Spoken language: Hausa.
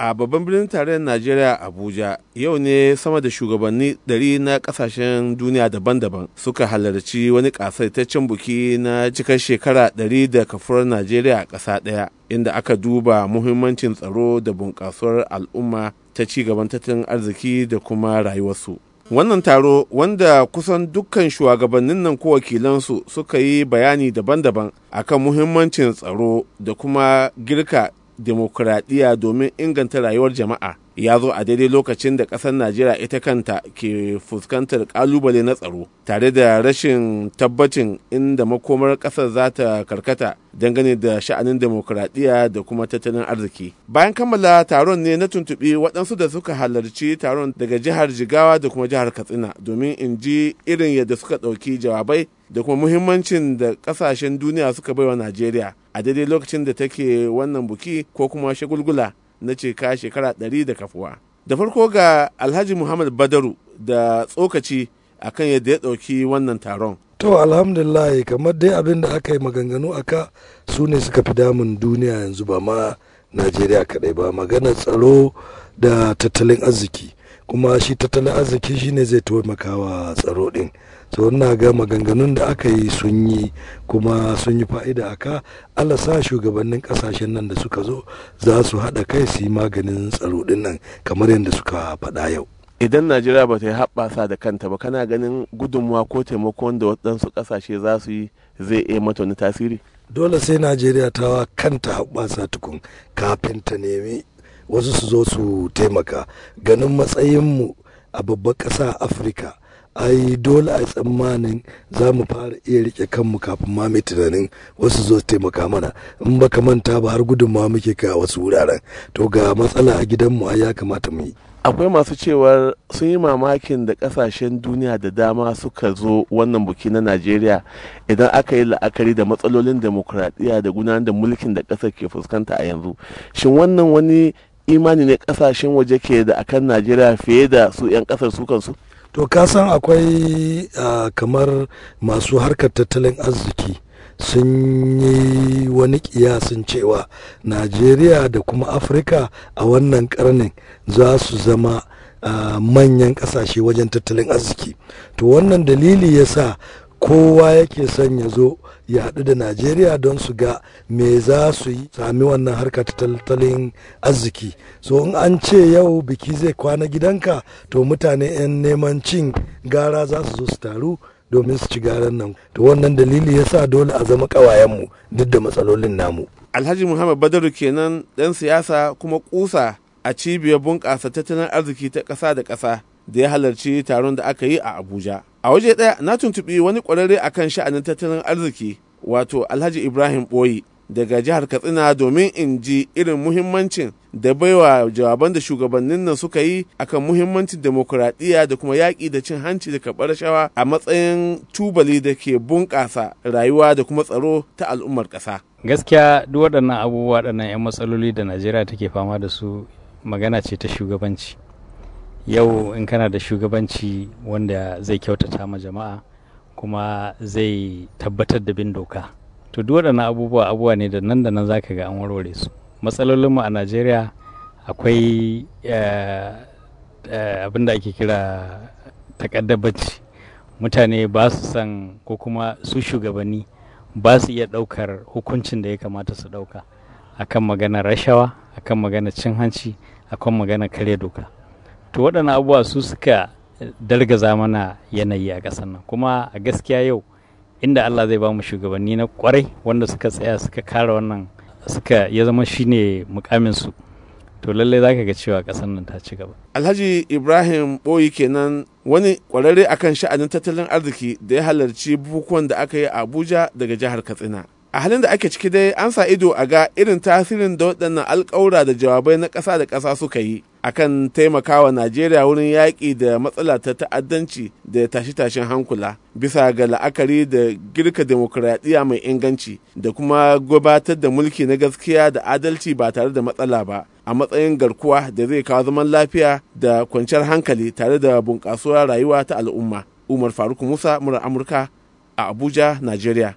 a babban birnin tarayyar najeriya abuja yau ne sama da shugabanni ɗari na kasashen duniya daban-daban suka halarci wani ƙasaitaccen buki na cikar shekara ɗari da kafurar najeriya a ƙasa ɗaya inda aka duba muhimmancin tsaro da bunƙasuwar al'umma ta ci gaban tattalin arziki da kuma rayuwarsu wannan taro wanda kusan dukkan shugabannin nan ko wakilansu suka yi bayani daban-daban akan muhimmancin tsaro da kuma girka demokuraɗiyya domin inganta rayuwar jama'a ya zo a daidai lokacin da ƙasar najeriya ita kanta ke fuskantar kalubale na tsaro tare da rashin tabbacin inda makomar ƙasar za ta karkata dangane da sha'anin demokuraɗiyya da kuma tattalin arziki bayan kammala taron ne na tuntuɓi waɗansu da suka halarci taron daga jihar jigawa da kuma jihar katsina domin in ji irin yadda suka ɗauki jawabai da kuma muhimmancin da ƙasashen duniya suka baiwa najeriya a daidai lokacin da take wannan buki ko kuma shagulgula na ce ka shekara ɗari da kafuwa da farko ga alhaji muhammad badaru da tsokaci akan yadda ya ɗauki wannan taron to alhamdulillah kamar dai abin da aka yi maganganu aka su ne suka fi damun duniya yanzu ba ma najeriya kaɗai ba maganar tsaro da tattalin arziki kuma shi tattalin arziki shine zai taimaka wa tsaro din so ina ga maganganun da aka yi sun yi kuma sun yi fa'ida a ka allah sa shugabannin kasashen nan da suka zo za su haɗa kai su yi maganin tsaro dinnan nan kamar yadda suka faɗa yau idan najeriya ba ta yi haɓasa da kanta ba kana ganin gudunmuwa ko taimakon da waɗansu ƙasashe za su yi zai iya mata wani tasiri dole sai najeriya ta wa kanta haɓasa tukun kafin ta nemi wasu su zo su taimaka ganin matsayinmu a babbar ƙasa a afirka ai dole a tsammanin za mu fara iya rike kanmu kafin ma mai tunanin wasu zo taimaka mana in ba ka manta ba har gudunmawa muke kai wasu wuraren to ga matsala a gidanmu ai ya kamata mu yi akwai masu cewar sun yi mamakin da kasashen duniya da dama suka zo wannan buki na najeriya idan aka yi la'akari da matsalolin demokuraɗiyya da gudanar da mulkin da ƙasar ke fuskanta a yanzu shin wannan wani imani ne kasashen waje ke da akan najeriya fiye da su 'yan ƙasar su to ka san akwai kamar masu harkar tattalin arziki sun yi wani kiyasin cewa najeriya da kuma afirka a wannan karnin za su zama manyan kasashe wajen tattalin arziki to wannan dalili ya sa kowa yake son ya zo ya haɗu da najeriya don su ga me za su yi sami wannan harkar tattalin arziki so in an ce yau biki zai kwana gidanka to mutane 'yan neman cin gara za su zo su taru domin su ci garan nan to wannan dalili ya sa dole a zama ƙawayenmu duk da matsalolin namu alhaji muhammad badaru kenan ɗan siyasa kuma kusa a cibiyar bunƙasa tattalin arziki ta ƙasa da ƙasa da ya halarci taron da aka yi a abuja a waje ɗaya na tuntuɓi wani ƙwararre akan sha'anin tattalin arziki wato alhaji ibrahim ɓoyi daga jihar katsina domin in ji irin muhimmancin da baiwa jawaban da shugabannin nan suka yi akan muhimmancin demokuraɗiyya da kuma yaƙi da cin hanci da karɓar shawa a matsayin tubali da ke bunƙasa rayuwa da kuma tsaro ta al'ummar ƙasa. gaskiya duk waɗannan abubuwa waɗannan 'yan matsaloli da najeriya take fama da su magana ce ta shugabanci yau in kana da shugabanci wanda zai kyautata ma jama'a kuma zai tabbatar da bin doka to duk waɗannan abubuwa abubuwa ne da nan da nan za ka ga an warware su matsalolinmu a najeriya akwai eh, eh, abin da ake kira takaddabaci mutane ba su san ko kuma su shugabanni ba su iya ɗaukar hukuncin da ya kamata su ɗauka akan magana rashawa akan magana cin hanci akan magana karya doka to waɗannan abubuwa su suka dargaza mana yanayi a ƙasar nan kuma a gaskiya yau inda Allah zai ba mu shugabanni na kwarai wanda suka tsaya suka kare wannan suka ya zama shine mukamin su to lalle zaka ga cewa ƙasar nan ta ci gaba Alhaji Ibrahim Boyi kenan wani kwararre akan sha'anin tattalin arziki da ya halarci bukukuwan da aka yi a Abuja daga jihar Katsina a halin da ake ciki dai an sa ido a ga irin tasirin da waɗannan alƙawura da jawabai na ƙasa da ƙasa suka yi akan taimakawa najeriya wurin yaƙi da matsala ta ta'addanci da tashi tashin hankula bisa ga la'akari da girka demokuraɗiyya mai inganci da kuma gabatar da mulki na gaskiya da adalci ba tare da matsala ba a matsayin garkuwa da zai kawo zaman lafiya da kwanciyar hankali tare da bunƙasuwar rayuwa ta al'umma umar faruk musa mura amurka a abuja najeriya